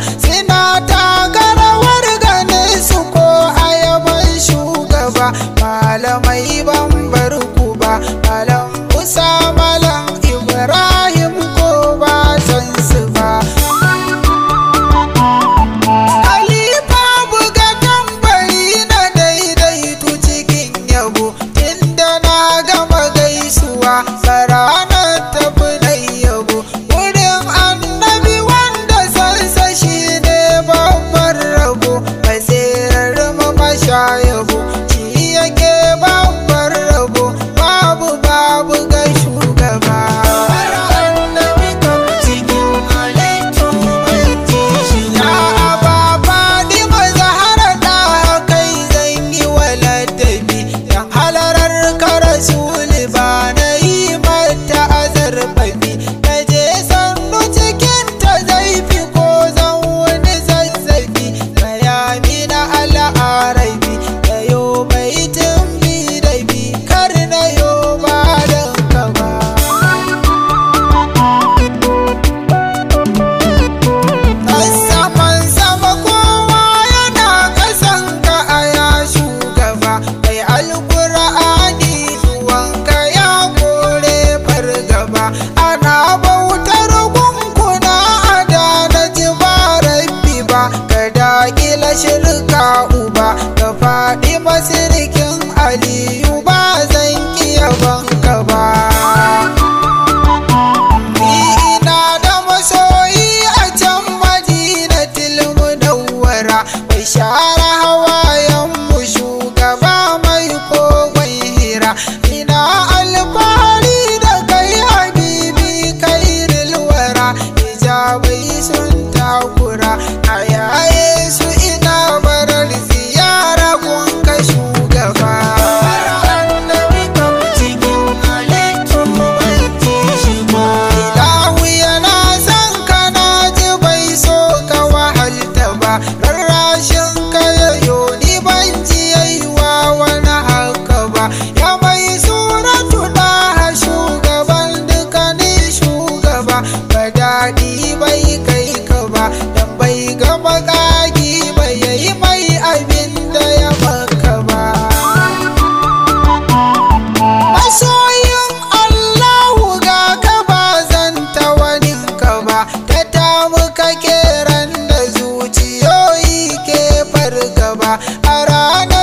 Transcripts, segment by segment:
Slim ina alfahari I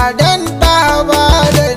adanta ba da